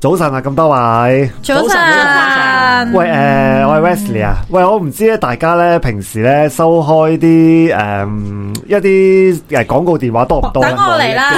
早晨啊，咁多位。早晨，喂，誒，我係 Wesley 啊。喂，我唔知咧，大家咧平時咧收開啲誒一啲誒廣告電話多唔多？等我嚟啦。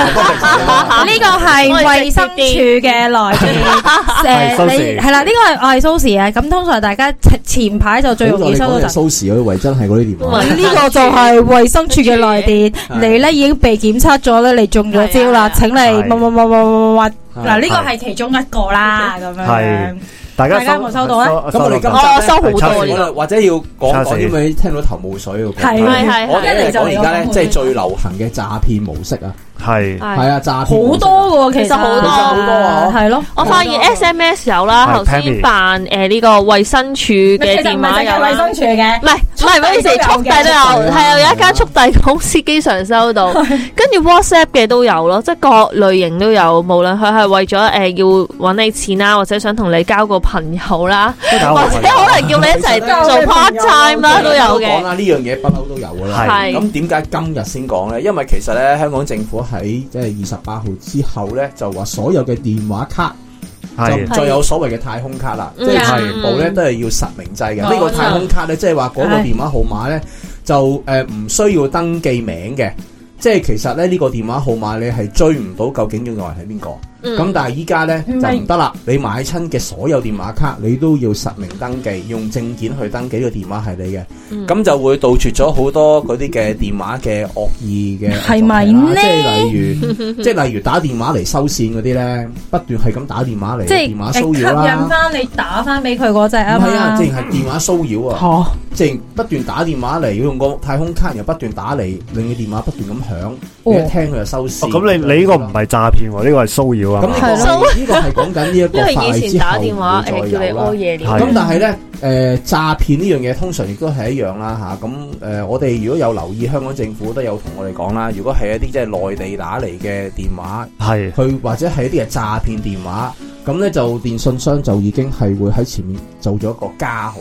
呢個係衛生署嘅來電。係啦，呢個係我係 Sosze 啊。咁通常大家前排就最容易收到。Sosze 嗰啲維真係啲電話。呢個就係衛生署嘅來電。你咧已經被檢測咗咧，你中咗招啦，請你嗱，呢個係其中一個啦，咁樣，大家大家有冇收到咧？咁我我收好多嘅，或者要講講先，聽到頭霧水。係係，我哋咧，我而家咧，即係最流行嘅詐騙模式啊！係係啊，炸好多嘅，其實好多，好多啊，係咯。我發現 SMS 有啦，頭先辦誒呢個衛生署嘅電話有，衛生署嘅，唔係唔係，有時速遞都有，係啊，有一間速遞公司經常收到，跟住 WhatsApp 嘅都有咯，即係各類型都有，無論佢係為咗誒要搵你錢啦，或者想同你交個朋友啦，或者可能叫你一齊做 part time 啦，都有嘅。好講啦，呢樣嘢不嬲都有噶啦。係咁，點解今日先講咧？因為其實咧，香港政府。喺即係二十八號之後呢，就話所有嘅電話卡就再有所謂嘅太空卡啦，的即係全部呢，都係要實名制嘅。呢的個太空卡呢，即係話嗰個電話號碼呢，就誒唔需要登記名嘅，的即係其實呢，呢個電話號碼你係追唔到究竟用嚟係邊個。咁但係依家咧就唔得啦，你買親嘅所有電話卡，你都要實名登記，用證件去登記個電話係你嘅，咁就會杜絕咗好多嗰啲嘅電話嘅惡意嘅，係咪咧？即係例如，即係例如打電話嚟收線嗰啲咧，不斷係咁打電話嚟，即係電話騷擾啦。吸引翻你打翻俾佢嗰隻啊，係啊，淨係電話騷擾啊，即係不斷打電話嚟，要用個太空卡又不斷打嚟，令你電話不斷咁響，你一聽佢就收線。咁你你呢個唔係詐騙，呢個係騷擾。咁呢吧個呢個係講緊呢一個詐騙之後嘅內容啦。咁 的但係呢，誒、呃，詐騙呢樣嘢通常亦都係一樣啦，吓、啊。咁、呃、誒，我哋如果有留意香港政府，都有同我哋講啦。如果係一啲即係內地打嚟嘅電話，係的，佢或者係一啲係詐騙電話，咁呢就電信商就已經係會喺前面做咗一個加號。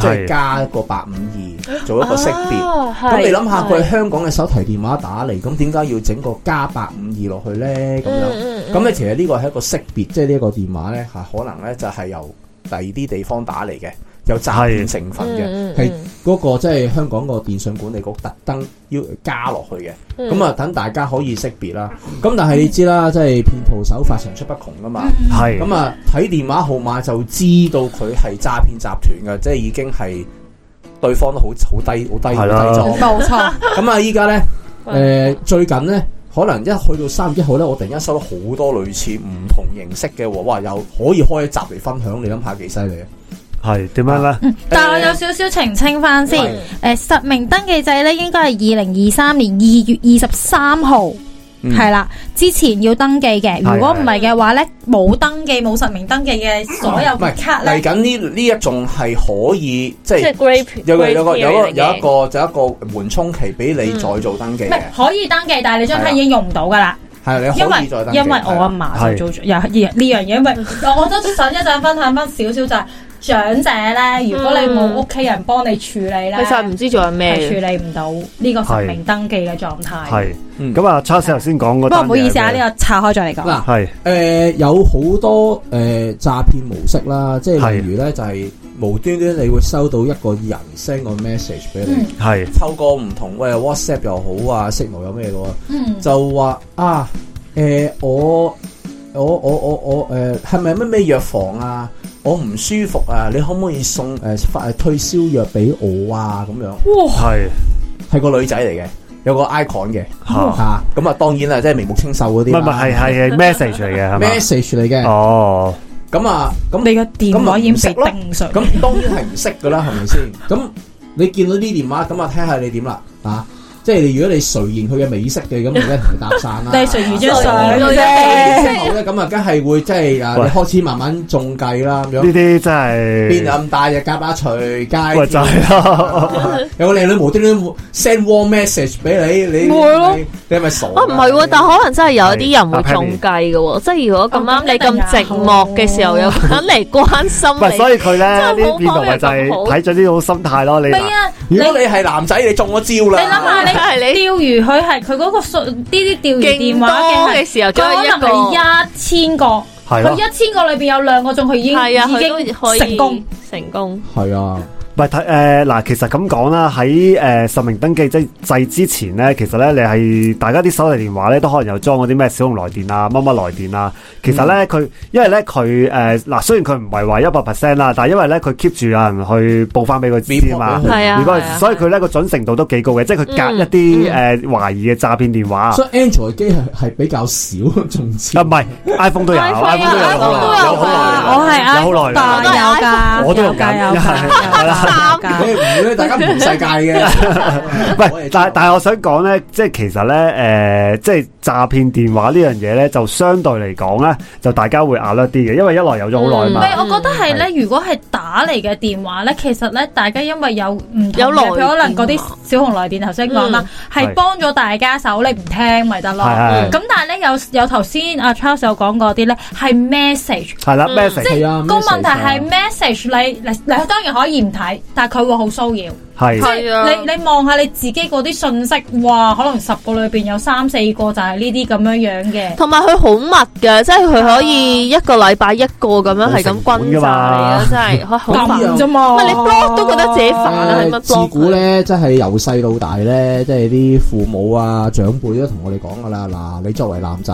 即係加一個八五二，做一個識別。咁你諗下，佢香港嘅手提電話打嚟，咁點解要整個加八五二落去呢？咁樣，咁咧、嗯嗯嗯、其實呢個係一個識別，即係呢個電話呢吓可能呢就係由第二啲地方打嚟嘅。有詐騙成分嘅，係嗰、嗯嗯那個即係、就是、香港個電信管理局特登要加落去嘅。咁啊、嗯，等大家可以識別啦。咁、嗯、但係你知啦，即係騙徒手法層出不窮噶嘛。係咁啊，睇電話號碼就知道佢係詐騙集團噶，即、就、係、是、已經係對方都好好低好低嘅底冇錯。咁啊的，依家咧誒，最近咧可能一去到三月一號咧，我突然間收到好多類似唔同形式嘅話，又可以開一集嚟分享。你諗下幾犀利啊！係點樣咧？但係我有少少澄清翻先，誒，實名登記制咧，應該係二零二三年二月二十三號係啦，之前要登記嘅。如果唔係嘅話咧，冇登記冇實名登記嘅所有卡嚟緊呢呢一種係可以，即係有個有個有個有一個就一個緩衝期俾你再做登記嘅，可以登記，但係你張卡已經用唔到噶啦。係你可以再登，因為因為我阿嫲。做咗，又呢樣嘢，因為我都想一陣分享翻少少就係。長者咧，如果你冇屋企人幫你處理咧、嗯，其實唔知仲有咩處理唔到呢個實名登記嘅狀態。係咁、嗯、啊，叉 Sir 頭先講嗰單嘢，唔好意思啊，呢、呢個拆開再嚟講。嗱、呃，係誒有好多誒詐騙模式啦，即係例如咧就係、是、無端端你會收到一個人 send 個 message 俾你，係透過唔同，嘅 WhatsApp 又好啊，Signal 有咩嘅就話啊，誒、呃、我我我我我誒係咪咩咩藥房啊？我唔舒服啊！你可唔可以送誒發推銷藥俾我啊？咁樣哇，係係個女仔嚟嘅，有個 icon 嘅吓，咁啊，當然啦，即係眉目清秀嗰啲，唔係唔係係係 message 嚟嘅，message 嚟嘅哦。咁啊，咁你嘅電話唔識咯，咁當然係唔識噶啦，係咪先？咁你見到啲電話咁啊，聽下你點啦啊！即係如果你垂涎佢嘅美色嘅，咁，你梗係同佢搭訕啦。你垂涎啫，垂涎啫。咁啊，梗係會即係啊，開始慢慢中計啦咁樣。呢啲真係邊有咁大隻蛤乸隨街。哇！就係咯，有個靚女無端端 send wall message 俾你，你會咯？你係咪傻？唔係，但可能真係有啲人會中計嘅。即係如果咁啱你咁寂寞嘅時候，有肯嚟關心你，所以佢咧呢邊度咪就係睇咗呢種心態咯。你啊，如果你係男仔，你中咗招啦。你諗下。你釣魚佢係佢嗰個數啲啲釣魚電話嘅時候，可能係一千個，佢一千個裏邊有兩個仲、啊、可以，係啊，已經成功成功，係啊。誒嗱，其實咁講啦，喺誒實名登記制之前咧，其實咧你係大家啲手提電話咧都可能有裝嗰啲咩小熊來電啊、乜乜來電啊。其實咧佢，因為咧佢誒嗱，雖然佢唔係話一百 percent 啦，但係因為咧佢 keep 住有人去報翻俾佢知啊嘛。係啊，如果所以佢咧個準程度都幾高嘅，即係佢隔一啲誒懷疑嘅詐騙電話。所以 Android 機係比較少，唔係 iPhone 都有，iPhone 都有好耐，有好耐。我係 iPhone 都有，好耐，有我都用緊。係啦。啱，佢唔會大家唔同世界嘅，唔係 是， 但 但係我想講咧、 呃，即係其實咧，誒，即係。詐騙電話呢樣嘢咧，就相對嚟講咧，就大家會 alert 啲嘅，因為一來有咗好耐嘛。唔係，我覺得係咧，如果係打嚟嘅電話咧，其實咧，大家因為有唔同嘅，可能嗰啲小紅來電頭先講啦，係幫咗大家手，你唔聽咪得咯。咁但係咧有有頭先阿 Charles 有講嗰啲咧，係 message 係啦 message，即係個問題係 message，你嚟當然可以唔睇，但係佢會好騷擾。係，即係你你望下你自己嗰啲信息，哇，可能十個裏邊有三四個就係呢啲咁樣樣嘅，同埋佢好密嘅，即係佢可以一個禮拜一個咁樣係咁轟炸你啊！真係好煩啫嘛，唔係你幫都覺得自己煩啦，咁樣自古咧，即係由細到大咧，即係啲父母啊、長輩都同我哋講噶啦。嗱，你作為男仔，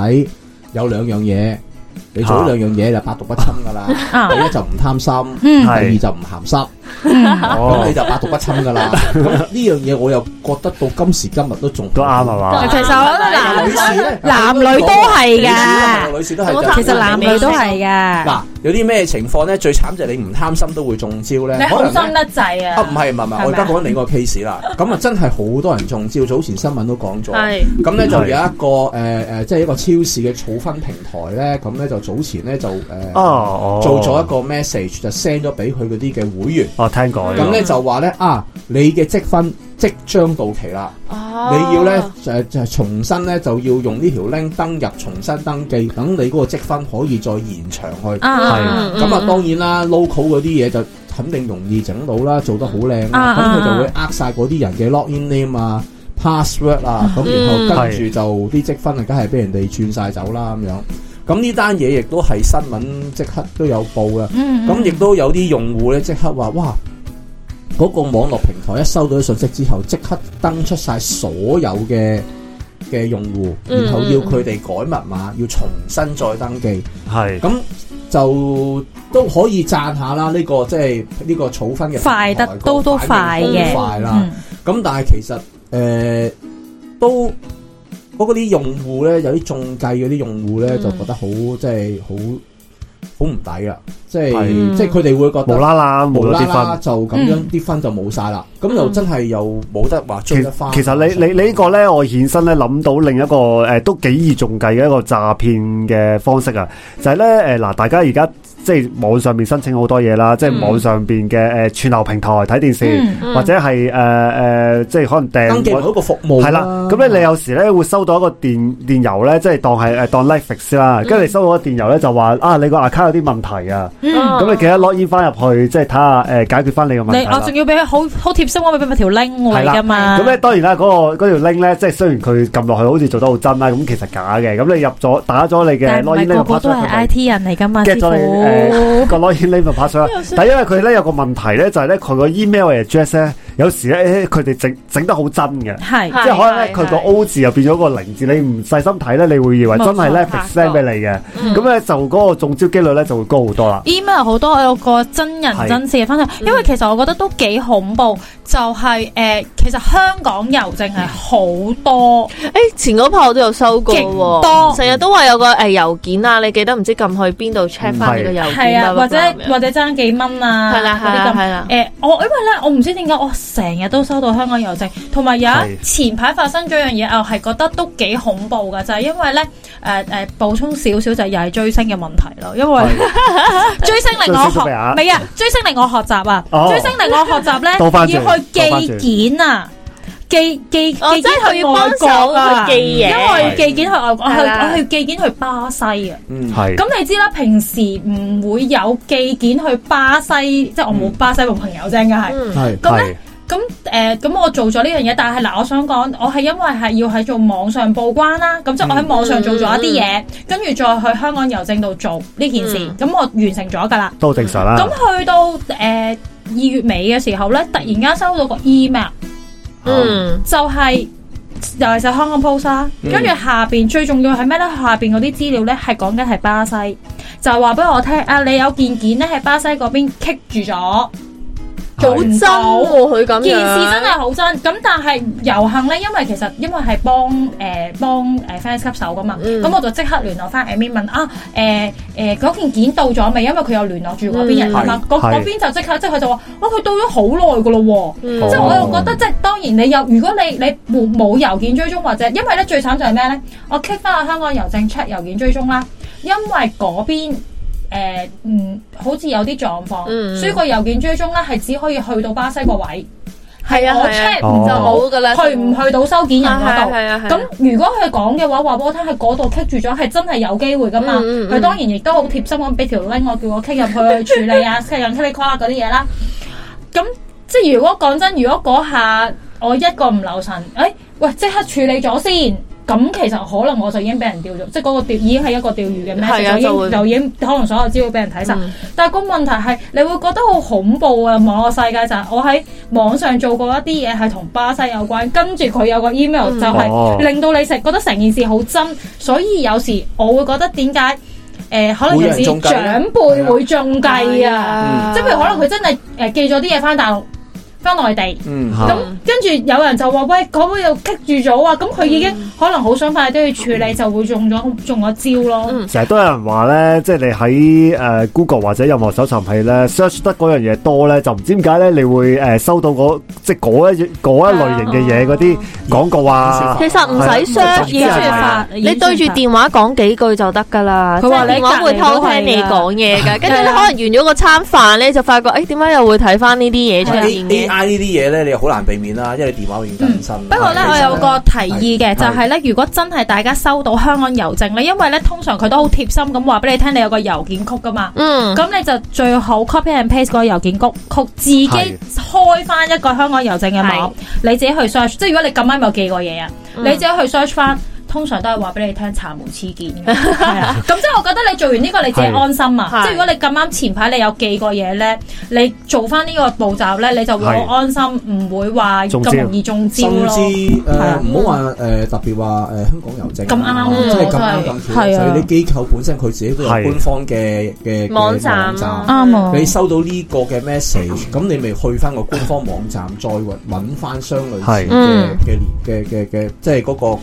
有兩樣嘢，你做呢兩樣嘢就百毒不侵噶啦。第一就唔貪心，第二就唔鹹濕。咁你就百毒不侵噶啦！咁呢樣嘢我又覺得到今時今日都仲都啱係嘛？其實男女，男女都係噶，男女都係噶。嗱，有啲咩情況咧？最慘就係你唔貪心都會中招咧。你貪心得滯啊！唔係唔係唔係，我而家講緊你個 case 啦。咁啊，真係好多人中招，早前新聞都講咗。咁咧就有一個誒誒，即係一個超市嘅儲分平台咧。咁咧就早前咧就誒，做咗一個 message 就 send 咗俾佢嗰啲嘅會員。我、哦、聽過，咁咧就話咧啊，你嘅積分即將到期啦，啊、你要咧就就重新咧就要用呢條 link 登入重新登記，等你嗰個積分可以再延長去，係咁啊，嗯、當然啦，local 嗰啲嘢就肯定容易整到啦，做得好靚啦，咁佢、啊、就會呃晒嗰啲人嘅 login name 啊，password 啊，咁、嗯、然後跟住就啲積、嗯、分啊，梗係俾人哋轉晒走啦咁樣。咁呢單嘢亦都係新聞，即刻都有報嘅。咁亦都有啲用戶咧，即刻話：哇！嗰、那個網絡平台一收到信息之後，即刻登出晒所有嘅嘅用戶，嗯、然後要佢哋改密碼，要重新再登記。係咁是就都可以贊下啦、這個。呢個即係呢個草分嘅快得多都快嘅快啦。咁、嗯、但係其實誒、呃、都。嗰嗰啲用戶咧，有啲中計嗰啲用戶咧，就覺得好即係好好唔抵啦！即係即係佢哋會覺得無啦啦無啦啦冇咗啲分，üf ule 就咁樣啲分就冇晒啦，咁、mm hmm. 又真係又冇得話追得翻其實，你、啊、你你呢、呢個咧，我現身咧諗到另一個誒都幾易中計嘅一個詐騙嘅方式啊，就係咧誒嗱，大家而家。即係網上面申請好多嘢啦，即係網上邊嘅誒串流平台睇電視，嗯嗯、或者係誒誒，即係可能訂。登記嗰個服務係、啊、啦。咁咧，你有時咧會收到一個電電郵咧，即係當係誒當 Netflix 啦、嗯，跟住你收到個電郵咧就話啊，你個 account 有啲問題啊。咁、嗯、你記得 log in 翻入去，即係睇下誒解決翻你嘅問題。我仲要俾佢好好貼心，我咪俾埋條 link 噶嘛。咁咧當然啦，嗰、那個嗰條、那個、link 咧，即係雖然佢撳落去好似做得好真啦，咁其實假嘅。咁你入咗打咗你嘅 log in 咧，都係 I T 人嚟噶嘛，個落線呢度拍相，但係因為佢咧有個問題咧，就係、是、咧佢個 email address 咧。有時咧，佢哋整整得好真嘅，即係可能佢個 O 字又變咗個零字，你唔細心睇咧，你會以為真係咧 send 俾你嘅，咁咧就嗰個中招機率咧就會高好多啦。Email 好多，我有個真人真事嘅分享，因為其實我覺得都幾恐怖，就係誒，其實香港郵政係好多。誒前嗰排我都有收過，多成日都話有個誒郵件啊，你記得唔知撳去邊度 check 翻你嘅郵件啊，或者或者爭幾蚊啊，嗰啲咁，誒我因為咧，我唔知點解我。成日都收到香港郵政，同埋有前排發生咗樣嘢，我係覺得都幾恐怖㗎，就係因為咧誒誒補充少少就又係追星嘅問題咯。因為追星令我學，唔係啊，追星令我學習啊，追星令我學習咧，要去寄件啊，寄寄即係佢要幫手去寄嘢，因為寄件去外國係啊，去寄件去巴西啊，嗯係。咁你知啦，平時唔會有寄件去巴西，即係我冇巴西嘅朋友啫，咁係咁咧。咁誒，咁我做咗呢樣嘢，但係嗱，我想講，我係因為係要喺做網上報關啦，咁即係我喺網上做咗一啲嘢，跟住再去香港郵政度做呢件事，咁我完成咗噶啦，都正常啦。咁去到誒二月尾嘅時候咧，突然間收到個 email，嗯，就係尤其是香港 post 啊，跟住下邊最重要係咩咧？下邊嗰啲資料咧係講緊係巴西，就係話俾我聽啊，你有件件咧喺巴西嗰邊棘住咗。好真、啊，件事真係好真。咁但係遊行咧，因為其實因為係幫誒、呃、幫誒 fans 執手噶嘛，咁、嗯、我就即刻聯絡翻 Amy 問啊誒誒嗰件件到咗未？因為佢又聯絡住嗰邊人啦，嗰邊就即刻是即刻即係佢就話：哦，佢到咗好耐噶咯喎！即係我又覺得即係當然你有，如果你你冇冇郵件追蹤或者，因為咧最慘就係咩咧？我 check 翻我香港郵政 check 郵件追蹤啦，因為嗰邊。誒，唔、呃嗯、好似有啲狀況，嗯、所以個郵件追蹤咧係只可以去到巴西個位，係啊，我 check 就冇噶啦，啊哦、去唔去到收件人嗰度？咁、啊啊啊啊啊、如果佢講嘅話，話俾我聽喺嗰度棘住咗，係真係有機會噶嘛？佢、嗯嗯、當然亦都好貼心咁俾條 link 我，叫我棘入去，去處理啊，即係讓佢你誇嗰啲嘢啦。咁即係如果講真，如果嗰下我一個唔留神，誒、哎，喂，即刻處理咗先。咁其實可能我就已經俾人釣咗，即係嗰個釣已經係一個釣魚嘅咩、啊？就已經就已經可能所有資料俾人睇晒。嗯、但係個問題係，你會覺得好恐怖啊！網絡世界上，我喺網上做過一啲嘢係同巴西有關，跟住佢有個 email 就係、是嗯、令到你成覺得成件事好真。所以有時我會覺得點解誒可能有啲長輩會中計啊？哎嗯嗯、即譬如可能佢真係誒寄咗啲嘢返大陸。翻內地，咁跟住有人就話：喂，嗰個又棘住咗啊！咁佢已經可能好想快啲去處理，就會中咗中咗招咯。成日都有人話咧，即係你喺誒 Google 或者任何搜尋器咧 search 得嗰樣嘢多咧，就唔知點解咧，你會誒收到嗰即係嗰一嗰一類型嘅嘢嗰啲廣告啊。其實唔使 search，你對住電話講幾句就得㗎啦。佢話電話會偷聽你講嘢㗎，跟住你可能完咗個餐飯咧，就發覺誒點解又會睇翻呢啲嘢出現嘅。啊、呢啲嘢咧，你好難避免啦、啊，因為你電話越更新，不過咧，我，呢嗯、我有個提議嘅，呢就係咧，如果真係大家收到香港郵政咧，因為咧通常佢都好貼心咁話俾你聽，你有個郵件曲㗎嘛。嗯。咁你就最好 copy and paste 嗰個郵件曲，曲自己開翻一個香港郵政嘅網，是你自己去 search 是。即係如果你咁啱有寄過嘢啊，嗯、你自己去 search 翻。通常都係話俾你聽查壺似劍嘅，咁即係我覺得你做完呢個你自己安心啊！即係如果你咁啱前排你有寄過嘢咧，你做翻呢個步驟咧，你就好安心，唔會話咁容易中招咯。唔好話誒，特別話誒香港郵政咁啱，即係咁啱咁，所以啲機構本身佢自己都有官方嘅嘅網站，啱你收到呢個嘅 message，咁你咪去翻個官方網站再搵翻相類嘅嘅嘅嘅即係個個。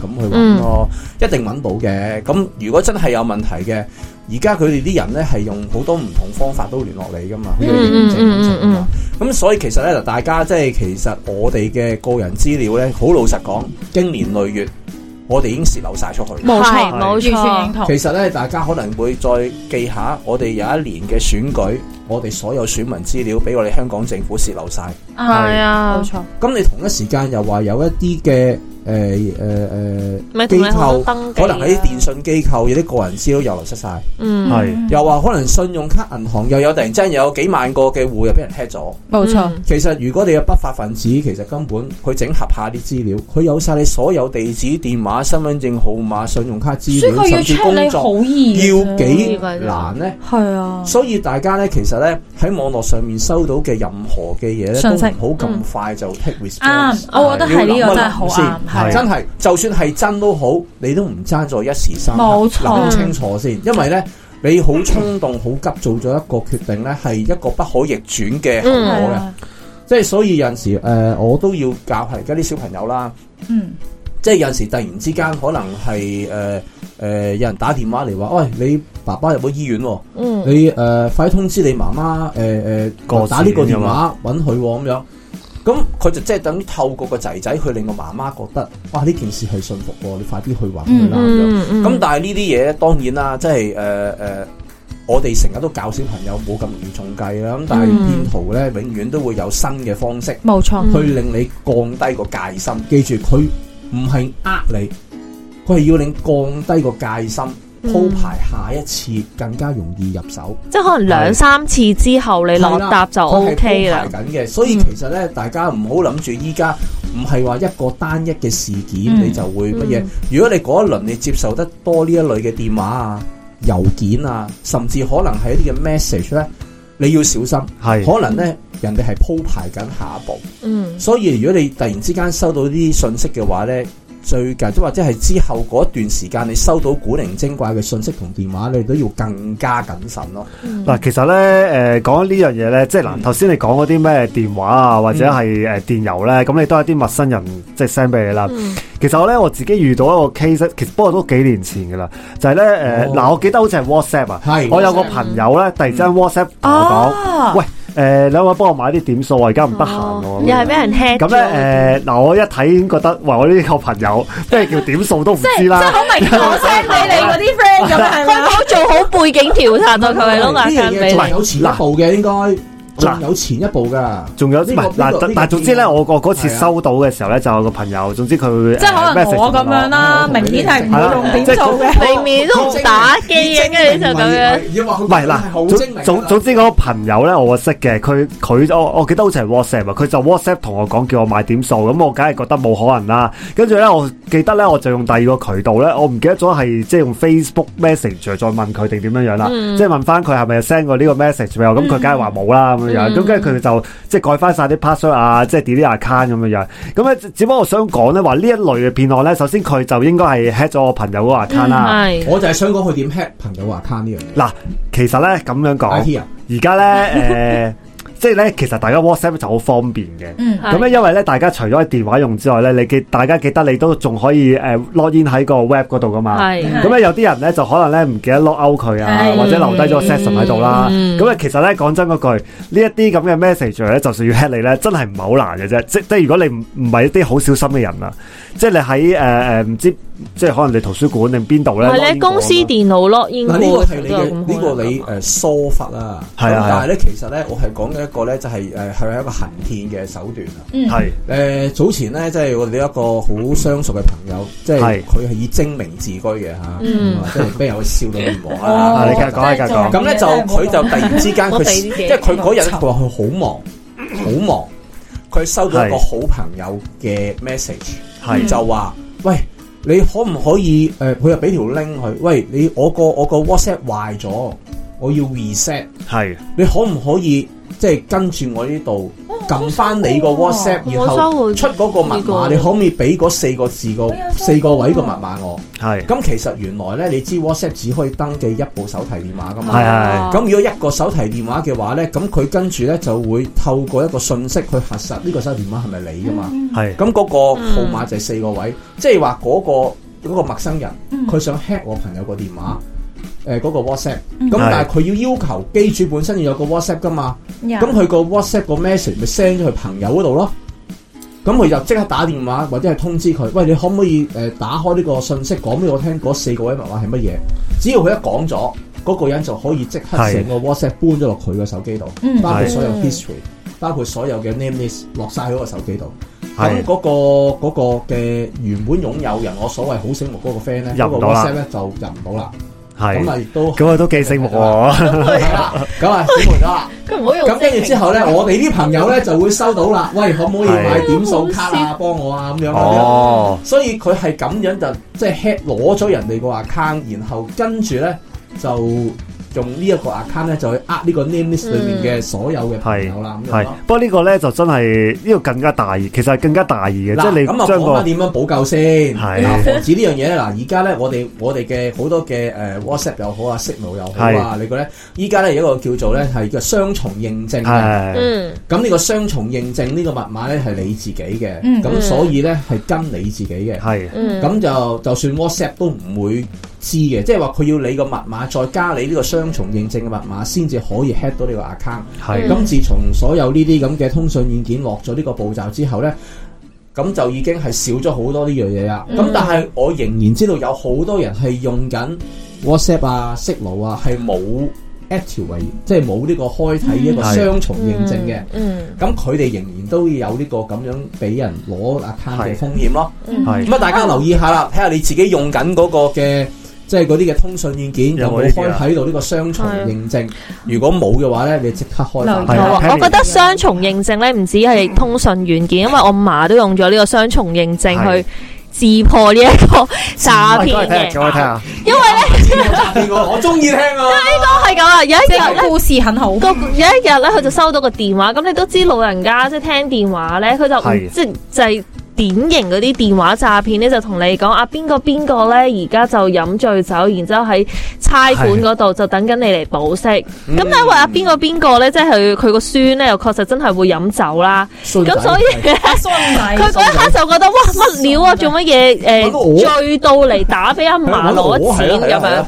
咁去揾咯，一定揾到嘅。咁如果真係有問題嘅，而家佢哋啲人咧係用好多唔同方法都聯絡你噶嘛，要驗證嘅嘛。咁所以其實咧，大家即係其實我哋嘅個人資料咧，好老實講，經年累月，我哋已經洩漏晒出去。冇錯，冇錯，認同。其實咧，大家可能會再記下，我哋有一年嘅選舉，我哋所有選民資料俾我哋香港政府洩漏晒。係啊，冇錯。咁你同一時間又話有一啲嘅。誒誒誒，機構可能喺啲電信機構有啲個人資料又流失晒，係又話可能信用卡銀行又有突然之間有幾萬個嘅戶又俾人 hack 咗。冇錯，其實如果你有不法分子，其實根本佢整合下啲資料，佢有晒你所有地址、電話、身份證號碼、信用卡資料，甚至工作要幾難呢？係啊，所以大家咧，其實咧喺網絡上面收到嘅任何嘅嘢咧，都唔好咁快就 take response。我覺得係呢個好是真係，就算係真都好，你都唔爭在一時三刻諗錯、啊、清楚先。因為咧，你好衝動、好急，做咗一個決定咧，係一個不可逆轉嘅後果嘅。嗯、即係所以有陣時，誒、呃，我都要教係而家啲小朋友啦。嗯，即係有陣時突然之間，可能係誒誒，有人打電話嚟話：，喂、哎，你爸爸入咗醫院、啊。嗯你，你、呃、誒，快通知你媽媽。誒、呃、誒、呃，打呢個電話搵佢咁樣。咁佢就即係等於透過個仔仔去令個媽媽覺得，哇呢件事係信服，你快啲去揾佢啦。咁但係呢啲嘢當然啦，即係誒誒，我哋成日都教小朋友冇咁容易中計啦。咁但係騙徒咧，永遠都會有新嘅方式，冇錯，去令你降低個戒心。嗯嗯、記住，佢唔係呃你，佢係要你降低個戒心。鋪排下一次更加容易入手，即係可能兩三次之後是你落搭就 OK 啦。鋪排緊嘅的，所以其實咧，嗯、大家唔好諗住依家唔係話一個單一嘅事件，嗯、你就會乜嘢。如果你嗰一輪你接受得多呢一類嘅電話啊、郵件啊，甚至可能係一啲嘅 message 咧，你要小心。係的可能咧，人哋係鋪排緊下一步。嗯，所以如果你突然之間收到呢啲信息嘅話咧，最近，即或者係之後嗰一段時間，你收到古靈精怪嘅信息同電話，你都要更加謹慎咯。嗱、嗯，其實咧，誒、呃、講呢樣嘢咧，即係嗱頭先你講嗰啲咩電話啊，或者係誒電郵咧，咁、嗯、你都係啲陌生人即係 send 俾你啦。嗯、其實我咧，我自己遇到一個 case，其實不過都幾年前噶啦，就係咧誒嗱，我記得好似係 WhatsApp 啊，是我有個朋友咧，突然之間 WhatsApp 同、嗯、我講，啊、喂。誒，兩位幫我買啲點數，我而家唔得閒喎。哦、在又係俾人 h 咁咧？誒，嗱，我一睇已經覺得，喂，我呢個朋友即係叫點數都唔知啦。 即係好明講聲俾你嗰啲 friend 咁，係咪？佢做好背景調查？佢係攞硬性未？唔係有錢一步嘅 應該。嗱有前一步噶，仲有啲，嗱但但總之咧，我我嗰次收到嘅時候咧，就有個朋友總之佢即係可能我咁樣啦，明顯係唔用點數嘅，明顯都唔打機嘅，跟住就咁樣。唔係嗱，總之嗰個朋友咧，我識嘅，佢佢我我記得好似係 WhatsApp 佢就 WhatsApp 同我講叫我買點數，咁我梗係覺得冇可能啦。跟住咧，我記得咧，我就用第二個渠道咧，我唔記得咗係即係用 Facebook Message 再問佢定點樣樣啦，即係問翻佢係咪 send 過呢個 message 俾我，咁佢梗係話冇啦。咁跟住佢哋就即係改翻晒啲 password 啊，即、就、係、是、delete account 咁嘅樣。咁咧，只不過我想講咧，話呢一類嘅騙案咧，首先佢就應該係 hack 咗我朋友個 account 啦。嗯、 我就係想講佢點 hack 朋友個 account 呢樣。嗱，其實咧咁樣講，而家咧誒。呃 即係咧，其實大家 WhatsApp 就好方便嘅。咁咧，嗯，因為咧，的大家除咗喺電話用之外咧，你記大家記得你都仲可以誒，log in 喺個 web 嗰度噶嘛。咁咧有啲人咧就可能咧唔記得 log out 佢啊，嗯、或者留低咗個 session 喺度啦。咁啊，嗯、嗯、其實咧講真嗰句，一呢一啲咁嘅 message 咧，就算要 hit 你咧，真係唔係好難嘅啫。即即係如果你唔唔係一啲好小心嘅人啊，即係你喺誒誒唔知。即係可能你圖書館定邊度咧？係咧公司電腦咯，應該呢個係你嘅呢個你誒疏忽啦，係啊但係咧其實咧，我係講嘅一個咧就係誒係一個行騙嘅手段啊。係誒早前咧即係我哋一個好相熟嘅朋友，即係佢係以精明自居嘅吓，即係咩人都笑到你唔忙啊。你繼續講，你繼續講。咁咧就佢就突然之間佢，即係佢嗰日佢話佢好忙，好忙，佢收到一個好朋友嘅 message，係就話。你可唔可以？誒、呃，佢又俾條 link 佢。喂，你我個我個 WhatsApp 壞咗，我要 reset 是。係，你可唔可以？即係跟住我呢度撳翻你個 WhatsApp，然後出嗰個密碼，你可唔可以俾嗰四個字嘅四個位嘅密碼我？係。咁其實原來咧，你知 WhatsApp 只可以登記一部手提電話噶嘛？係啊。咁如果一個手提電話嘅話咧，咁佢跟住咧就會透過一個信息去核實呢個手提電話係咪你噶嘛？係。咁嗰個號碼就係四個位，即係話嗰個陌生人，佢想 hack 我朋友個電話。誒嗰個 WhatsApp，咁、嗯、但係佢要要求機主本身要有個 WhatsApp 噶嘛，咁佢個 WhatsApp 個 message 咪 send 咗去朋友嗰度咯。咁佢就即刻打電話或者係通知佢，喂，你可唔可以誒打開呢個信息講俾我聽，嗰四個位密碼係乜嘢？只要佢一講咗，嗰、嗰個人就可以即刻成個 WhatsApp 搬咗落佢個手機度，嗯、包括所有 history、嗯、包括所有嘅 name list 落晒喺個手機度。咁嗰、嗯嗰個嘅是、嗰個嗰個、原本擁有人，我所謂好醒目嗰個 friend 咧，嗰個 WhatsApp 咧就入唔到啦。係咁啊！亦 都咁啊，都幾醒目啊！係 啦樂，咁啊，小梅哥啊，咁跟住之後咧， 我哋啲朋友咧就會收到啦。喂，可唔可以買點數卡啊？幫 我啊，咁樣嗰啲、 哦、所以佢係咁樣就即係 head 攞咗人哋個 account，然後跟住咧就。用呢一個 account 咧，就去呃呢個 name list 裏面嘅所有嘅朋友啦。係，不過呢個咧就真係呢個更加大意，其實係更加大意嘅。即係你將個點樣補救先？防止呢樣嘢咧，嗱而家咧，我哋我哋嘅好多嘅誒 WhatsApp 又好啊，Signal 又好啊，你覺得依家咧有一個叫做咧係嘅雙重認證嘅。咁呢個雙重認證呢個密碼咧係你自己嘅，咁所以咧係跟你自己嘅。係，咁就就算 WhatsApp 都唔會知嘅，即係話佢要你個密碼再加你呢個雙。雙重認證嘅密碼先至可以 hack 到呢個 account 的。係，咁自從所有呢啲咁嘅通訊軟件落咗呢個步驟之後咧，咁就已經係少咗好多呢樣嘢啊。咁、嗯、但係我仍然知道有好多人係用緊 WhatsApp 啊、Signal 啊，係冇 activate，即係冇呢個開啟呢個雙重認證嘅。嗯，咁佢哋仍然都要有呢個咁樣俾人攞 account 嘅風險咯。係咁啊，的的大家留意下啦，睇下你自己用緊嗰個嘅。即係嗰啲嘅通訊軟件有冇開喺度呢個雙重認證？如果冇嘅話咧，你即刻開。我覺得雙重認證咧，唔止係通訊軟件，因為我阿嫲都用咗呢個雙重認證去自破呢一個詐騙。聽下。因為咧，我中意聽啊。呢個係咁啊！有一日咧，故事很好。有一日咧，佢就收到個電話。咁你都知老人家即係聽電話咧，佢就即係就。典型嗰啲電話詐騙咧，就同你講啊，邊個邊個咧，而家就飲醉酒，然之後喺差館嗰度就等緊你嚟保釋。咁的因為啊邊個邊個咧，即係佢佢個孫咧，又確實真係會飲酒啦。咁仔所以，佢嗰一刻就覺得哇，乜料啊，仔做乜嘢？誒、呃，醉到嚟打俾阿嫲攞錢咁樣。的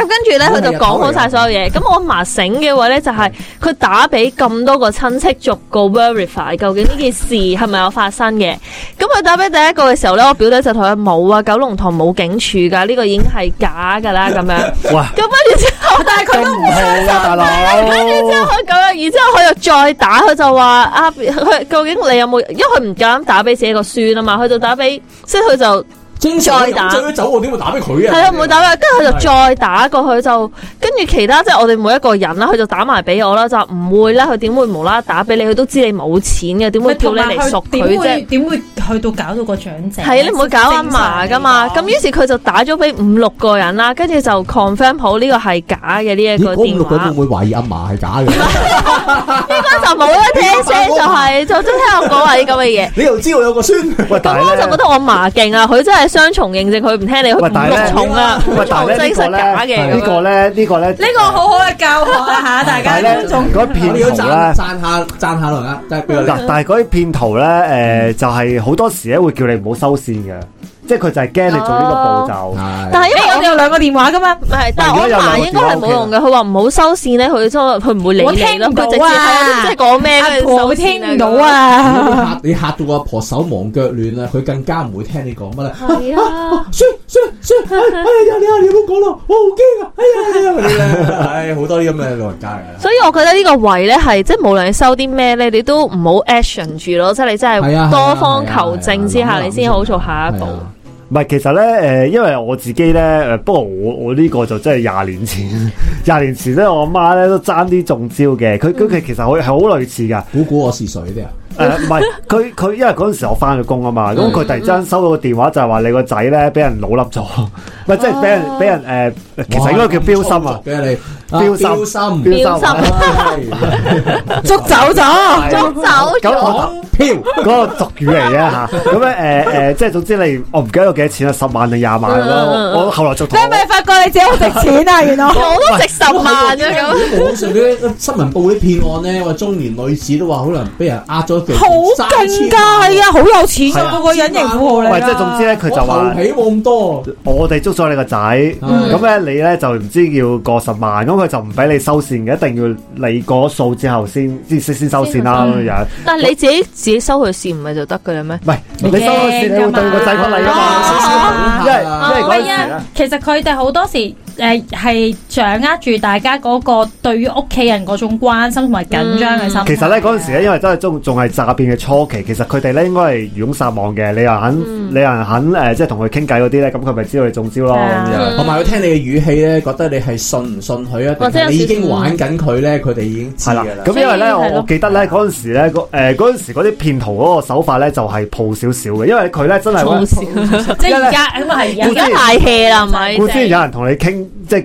咁、啊、跟住咧，佢哇就講好晒所有嘢。咁哇我阿嫲醒嘅話咧，就係、是、佢打俾咁多個親戚逐個 verify，究竟呢件事係咪有發生嘅？咁佢 打俾第一個嘅時候咧，我表弟就同佢冇啊，九龍塘冇警署噶，呢、這個已經係假噶啦，咁樣。咁哇跟住之後，但係佢都唔係啊大佬。跟住 之後佢咁樣，然之後佢又再打，佢就話啊，佢究竟你有冇？因為佢唔敢打俾自己個孫啊嘛，佢就打俾，即係佢就。啊、再打，走我點會打俾佢啊？係啊，唔會打俾佢啊！跟住佢就再打過去就，跟住其他即係、就是、我哋每一個人啦，佢就打埋俾我啦，就唔會啦。佢點會無啦啦打俾你？佢都知你冇錢嘅，點會叫你嚟贖佢啫？點會，會，會，會去到搞到個長者？係你唔會搞常阿嫲噶嘛？咁吧於是佢就打咗俾五六個人啦，跟住就 confirm 好呢個係假嘅呢一個五六佢會唔會懷疑阿嫲係假嘅？呢班 就冇得聽聲、就是，就係就都聽我講下啲咁嘅嘢。你又知我有個孫咁，我 就覺得我阿嫲勁啊！佢真係。雙重認證佢唔聽你，佢六,六重啊，無真失假嘅咁。呢、這個咧，這個、呢、嗯、個咧，呢個好好嘅教學下吓，大家觀眾。嗰片圖咧，讚下，讚下嚟啊！嗱，但係嗰啲片圖咧，誒， 就係好多時咧會叫你唔好收線嘅。即係佢就係驚你做呢個步驟，但係因為我哋有兩個電話噶嘛，唔係，但係我嫲應該係冇用嘅。佢話唔好收線咧，佢收佢唔會理你咯。直接係即係講咩？阿婆聽唔到啊！你嚇你嚇到阿婆手忙腳亂啊！佢更加唔會聽你講乜啦。係啊，哎呀你啊你唔好講啦，我好驚啊！哎呀哎呀好多啲咁嘅老人家嘅。所以我覺得呢個位咧係即係無論你收啲咩咧，你都唔好 action 住咯。即係你真係多方求證之下，你先好做下一步。唔係，其實呢，因為我自己呢，不過我我呢個就真係廿年前，廿 年前呢，我媽呢都爭啲中招嘅，佢其實其實好係好類似㗎。估估我是誰啲誒，唔係佢佢，因為嗰陣時我翻咗工啊嘛，咁佢突然之間收到個電話，就係話你個仔咧俾人老笠咗，唔係即係俾人俾人誒，其實應該叫標心啊，俾你標心標心標心，捉走咗捉走咗，飄嗰個俗語嚟嘅吓，咁咧誒誒，即係總之你我唔記得咗幾多錢啦，十萬定廿萬咯，我後來做，你咪發覺你自己好值錢啊？原來我都值十萬啊咁。網上啲新聞報啲騙案呢，話中年女士都話可能俾人呃咗。好勁噶係啊，好有錢啊，個個隱形富豪嚟噶唔係，即係總之咧，佢就話唔冇咁多。我哋捉咗你個仔，咁咧你咧就唔知要過十萬，咁佢就唔俾你收線嘅，一定要你過數之後先，先先收線啦咁樣。但係你自己自己收佢線唔係就得嘅咩？唔係，你收佢線，你對個仔不利啊嘛。因為因為講，其實佢哋好多時。誒，係、呃、掌握住大家嗰個對於屋企人嗰種關心同埋緊張嘅心、嗯。其實咧嗰陣時咧，因為真係仲仲係詐騙嘅初期，其實佢哋咧應該係勇撒網嘅。你又肯，嗯、你又肯誒、呃，即係同佢傾偈嗰啲咧，咁佢咪知道你中招咯。同埋佢聽你嘅語氣咧，覺得你係信唔信佢啊？或者你已經玩緊佢咧，佢哋已經知嘅啦。咁、啊、因為咧，我記得咧嗰陣時咧，誒嗰陣時嗰啲、呃、騙徒嗰個手法咧就係、是、抱少少嘅，因為佢咧真係 po 少少，即係而家咁啊而家太 hea 啦，係咪？故知有人同你傾。 即係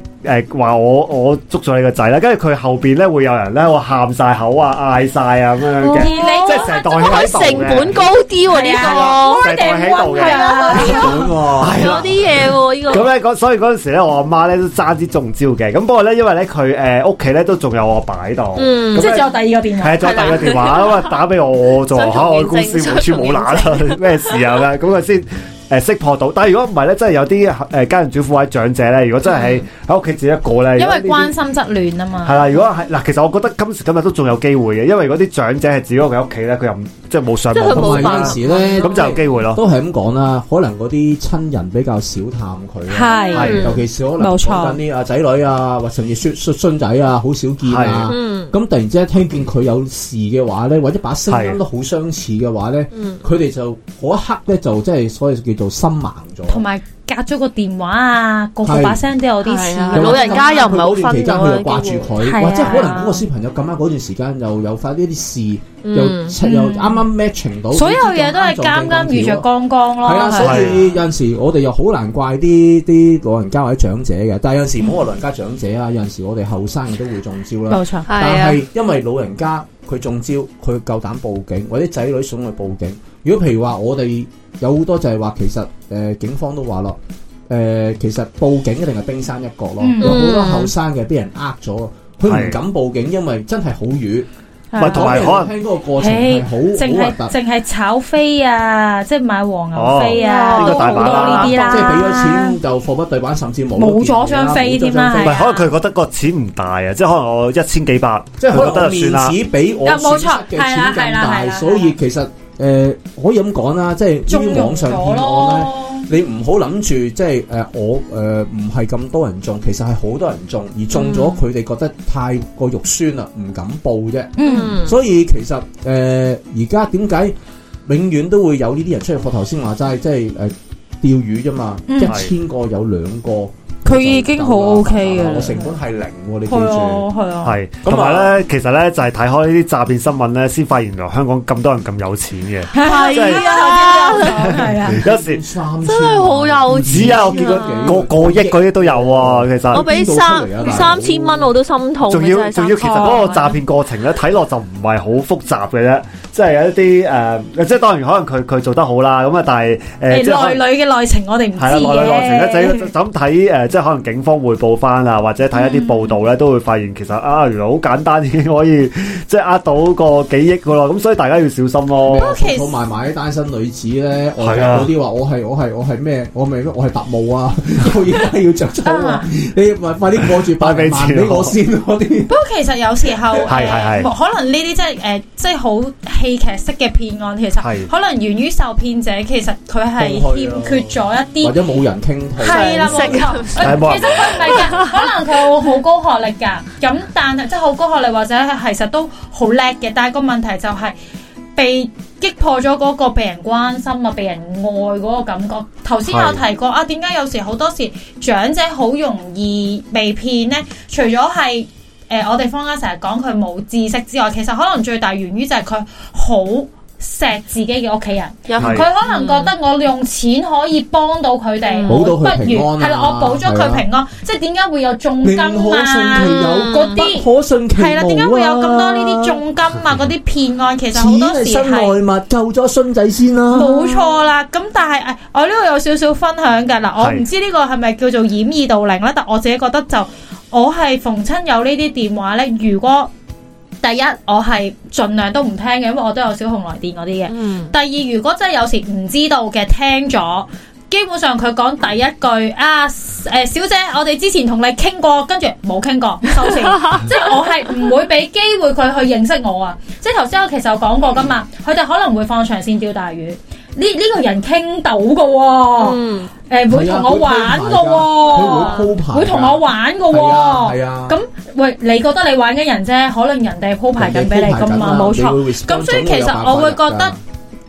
誒，話我我捉咗你個仔啦，跟住佢後邊咧會有人咧，我喊晒口啊，嗌晒啊咁樣嘅，即係成代喺度成本高啲喎呢個，成代喺度嘅成本喎，係啊啲嘢喎呢個。咁咧，所以嗰陣時咧，我阿媽咧都差啲中招嘅。咁不過咧，因為咧佢誒屋企咧都仲有我爸喺度，咁即係仲有第二個電話，係仲有第二個電話咁啊，打俾我，我做下我公司冇，完全冇諗咩事啦，咁啊先。誒識破到，但係如果唔係咧，真係有啲誒、呃、家人、主婦或者長者咧，如果真係喺屋企自己一個咧，因為關心則亂啊嘛。係啦，如果係嗱，其實我覺得今時今日都仲有機會嘅，因為如果啲長者係自己屋企屋企咧，佢又即係冇上網咁咧、啊，咁就有機會咯。都係咁講啦，可能嗰啲親人比較少探佢，係的的尤其是可能嗰啲啊仔女啊，或甚至孫仔啊，好少見啊。咁的、嗯、突然之間聽見佢有事嘅話咧，或者把聲音都好相似嘅話咧，佢哋、嗯、就嗰一刻咧就真係所以叫。到心盲咗，同埋隔咗個電話啊，各把聲都有啲似。老人家又唔係好分開。期間佢又掛住佢，或者可能嗰個小朋友咁啱嗰段時間又有發呢啲事，又又啱啱 matching 到。所有嘢都係啱啱遇着剛剛咯。係啊，所以有陣時我哋又好難怪啲啲老人家或者長者嘅，但係有時唔好話老人家長者啊，有陣時我哋後生嘅都會中招啦。冇錯，但係因為老人家。佢中招，佢夠膽報警，或者仔女想去報警。如果譬如話我哋有好多就係話，其實誒、呃、警方都話咯，誒、呃、其實報警一定係冰山一角咯，嗯、有好多後生嘅俾人呃咗，佢唔敢報警，因為真係好瘀。唔係，同埋可能喺嗰個過程好好混搭，淨係、欸、炒飛啊，即係買黃牛飛啊，好、哦啊、多呢啲啦。啊、即係俾咗錢就貨不對版，甚至冇冇咗張飛添啊。唔係、啊，可能佢覺得個錢唔大啊，即係可能我一千幾百，即係佢覺得就算啦。面子比我損失嘅錢更大，所以其實。嗯誒、呃，可以咁講啦，即係於網上騙案咧，你唔好諗住即係誒、呃，我誒唔係咁多人中，其實係好多人中，而中咗佢哋覺得太過肉酸啦，唔敢報啫。嗯，所以其實誒，而家點解永遠都會有呢啲人出去學？頭先話齋，即係誒，釣、呃、魚啫嘛，一千個有兩個。嗯佢已經好 OK 嘅，我成本係零喎，你記住。係啊，係啊。係，同埋咧，其實咧就係睇開呢啲詐騙新聞咧，先發現原來香港咁多人咁有錢嘅。係啊，係啊。三時真係好有錢，只有見到個個億嗰啲都有喎。其實我俾三三千蚊我都心痛。仲要仲要，其實嗰個詐騙過程咧睇落就唔係好複雜嘅啫，即係有一啲誒，即係當然可能佢佢做得好啦。咁啊，但係誒內裏嘅內情我哋唔知啦，內裏內情咧，就咁睇誒。即係可能警方匯報翻啊，或者睇一啲報道咧，都會發現其實啊，原來好簡單已經可以即係呃到個幾億噶咯。咁所以大家要小心咯。拖拖埋埋啲單身女子咧，係啊，啊啊有啲話我係我係我係咩？我咪咩？我係特務啊！ 我而家要着草啊！ 啊你快啲攞住八百萬俾我先咯，啊！啲。不過其實有時候係係係， 可能呢啲即係誒，即係好戲劇式嘅騙案。其實是可能源於受騙者，其實佢係欠缺咗一啲，或者冇人傾。係啦，其實佢唔係噶， 可能佢好高學歷噶，咁 但係即係好高學歷或者係其實都好叻嘅，但係個問題就係被擊破咗嗰個被人關心啊、被人愛嗰個感覺。頭先有提過是啊，點解有時好多時長者好容易被騙呢？除咗係誒，我哋方家成日講佢冇知識之外，其實可能最大原因就係佢好。錫自己嘅屋企人，佢可能覺得我用錢可以幫到佢哋，嗯、不如係啦、啊，我保咗佢平安，的即係點解會有重金啊？不可信係啦、啊，點解會有咁多呢啲重金啊？嗰啲騙案其實好多時係。身外物救咗孫仔先啦，冇錯啦。咁但係誒，我呢度有少少分享噶嗱，我唔知呢個係咪叫做掩耳盜鈴咧？的但我自己覺得就我係逢親有呢啲電話咧，如果。第一，我係盡量都唔聽嘅，因為我都有小熊來電嗰啲嘅。嗯、第二，如果真係有時唔知道嘅聽咗，基本上佢講第一句啊，誒、呃，小姐，我哋之前同你傾過，跟住冇傾過收錢。 即係我係唔會俾機會佢去認識我啊！即係頭先我其實講過噶嘛，佢哋、嗯、可能會放長線釣大魚。呢呢個人傾到嘅喎、哦，誒、嗯、會同我玩嘅喎、哦，會同我玩嘅喎、哦，係啊，咁喂，你覺得你玩嘅人啫，可能人哋鋪排緊俾你噶嘛，冇錯，咁所以其實我會覺得。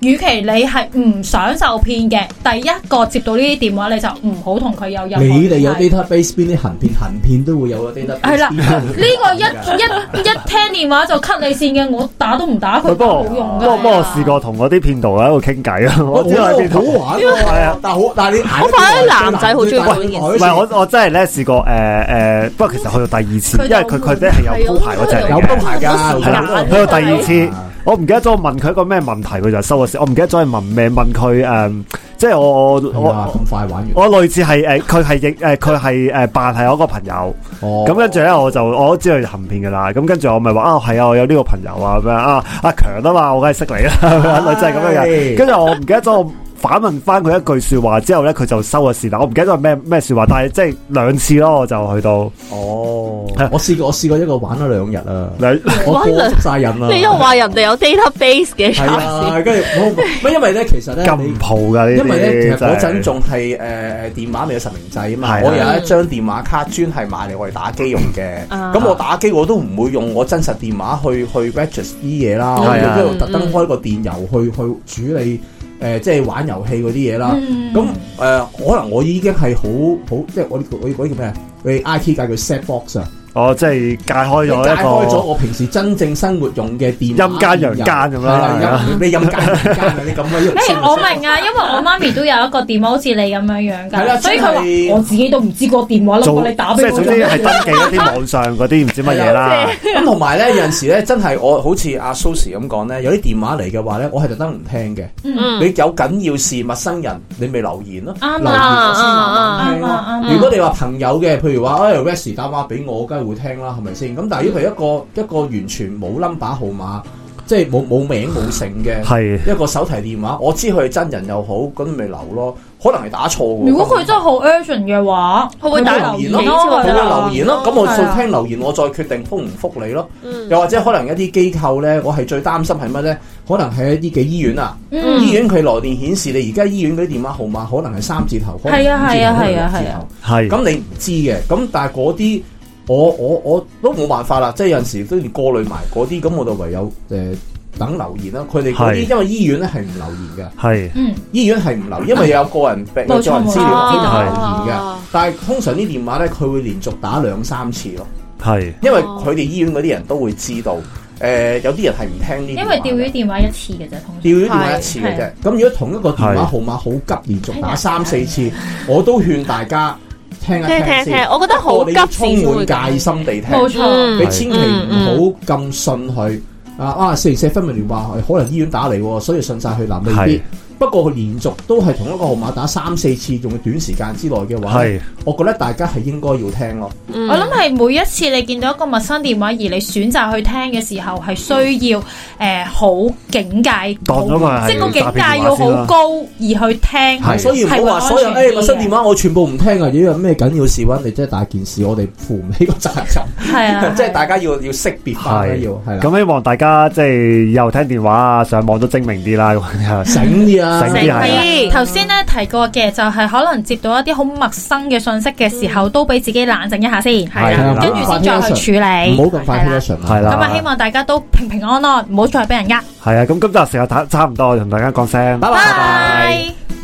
與其你係唔想受騙嘅，第一個接到呢啲電話你就唔好同佢有任你哋有 database 邊啲行騙行騙都會有個 data。係啦，呢個一一一聽電話就 cut 你線嘅，我打都唔打佢，冇用㗎。不過我試過同嗰啲騙徒喺度傾偈咯，好玩係啊！但好，但係你我發覺男仔好中意呢件。唔係我我真係咧試過誒誒，不過其實去到第二次，因為佢佢咧係有鋪排嗰隻，有鋪排㗎，係啦。去到第二次，我唔記得咗問佢一個咩問題，佢就收我唔記得咗係問命問佢誒、嗯，即係我、啊、我咁快玩完，我類似係誒佢係亦誒佢係誒扮係我個朋友，咁、oh. 跟住咧我就我都知道係行騙噶啦，咁跟住我咪話啊係啊，我有呢個朋友啊咁樣啊阿、啊、強啊嘛，我梗係識你啦，Aye. 類似係咁樣嘅，跟住我唔記得咗。 反問翻佢一句說話之後咧，佢就收咗線啦，我唔記得係咩咩說話，但係即係兩次咯，我就去到哦。我試過，我試過一個玩咗兩日啊，我過熟晒人啊。你又話人哋有 database 嘅，跟住乜？因為咧，其實咧咁蒲噶，因為咧嗰陣仲係誒電話未有實名制啊嘛，我有一張電話卡專係買嚟我哋打機用嘅。咁我打機我都唔會用我真實電話去去 register 啲嘢啦，我喺度特登開個電郵去去處理。誒、呃、即係玩遊戲嗰啲嘢啦，咁誒、mm hmm. 呃、可能我已經係好好，即係我呢我嗰啲叫咩？佢哋 IT 界叫 set box 啊。哦，即係解開咗一個，解開咗我平時真正生活用嘅電話，陰間陽間咁樣，咩陰間陽間啊？啲咁嘅。誒，我明啊，因為我媽咪都有一個電話，好似你咁樣樣噶，所以佢話我自己都唔知個電話攞過你打俾。即係總之係登記一啲網上嗰啲唔知乜嘢啦。咁同埋咧，有陣時咧，真係我好似阿 Sosze 咁講咧，有啲電話嚟嘅話咧，我係特登唔聽嘅。你有緊要事，陌生人你咪留言咯。啱啊，如果你話朋友嘅，譬如話誒，Wesley 打電話俾我，會聽啦，係咪先？咁但係如果一個一個完全冇 number 號碼，即係冇冇名冇姓嘅，係一個手提電話，我知佢係真人又好，咁咪留咯。可能係打錯。如果佢真係好 urgent 嘅話，佢會留言咯，佢會留言咯。咁我再聽留言，我再決定複唔複你咯。又或者可能一啲機構咧，我係最擔心係乜咧？可能係一啲嘅醫院啊，醫院佢來電顯示你而家醫院嗰啲電話號碼，可能係三字頭，可能五字頭，可能六字頭，係咁你知嘅。咁但係啲。我我我都冇辦法啦，即係有陣時都要過濾埋嗰啲，咁我就唯有誒等留言啦。佢哋嗰啲因為醫院咧係唔留言嘅，係，醫院係唔留言，因為有個人病、個人資料先有留言嘅。但係通常啲電話咧，佢會連續打兩三次咯。係，因為佢哋醫院嗰啲人都會知道，誒有啲人係唔聽呢，因為釣魚電話一次嘅啫，通常釣魚電話一次嘅啫。咁如果同一個電話號碼好急連續打三四次，我都勸大家。聽一聽，我覺得好急，充滿戒心地聽，冇錯。嗯、你千祈唔好咁信佢、嗯嗯、啊！哇，四零四分明話可能醫院打嚟，所以信晒佢，南、啊、未必。不過佢連續都係同一個號碼打三四次，仲要短時間之內嘅話，我覺得大家係應該要聽咯。我諗係每一次你見到一個陌生電話，而你選擇去聽嘅時候，係需要誒好警戒，即係個警戒要好高而去聽。所以唔好話所有陌生電話我全部唔聽啊！如果有咩緊要事或者即係大件事，我哋負唔起個責任。係，即係大家要要識別，係啦，要。咁希望大家即係又聽電話啊，上網都精明啲啦，醒啲啊！冷靜啲，頭先咧提過嘅就係可能接到一啲好陌生嘅信息嘅時候，都俾自己冷靜一下先，係啊，跟住先再去處理，唔好咁快係啦，咁啊，希望大家都平平安安，唔好再俾人呃。係啊，咁今日時間都差唔多，同大家講聲，拜拜。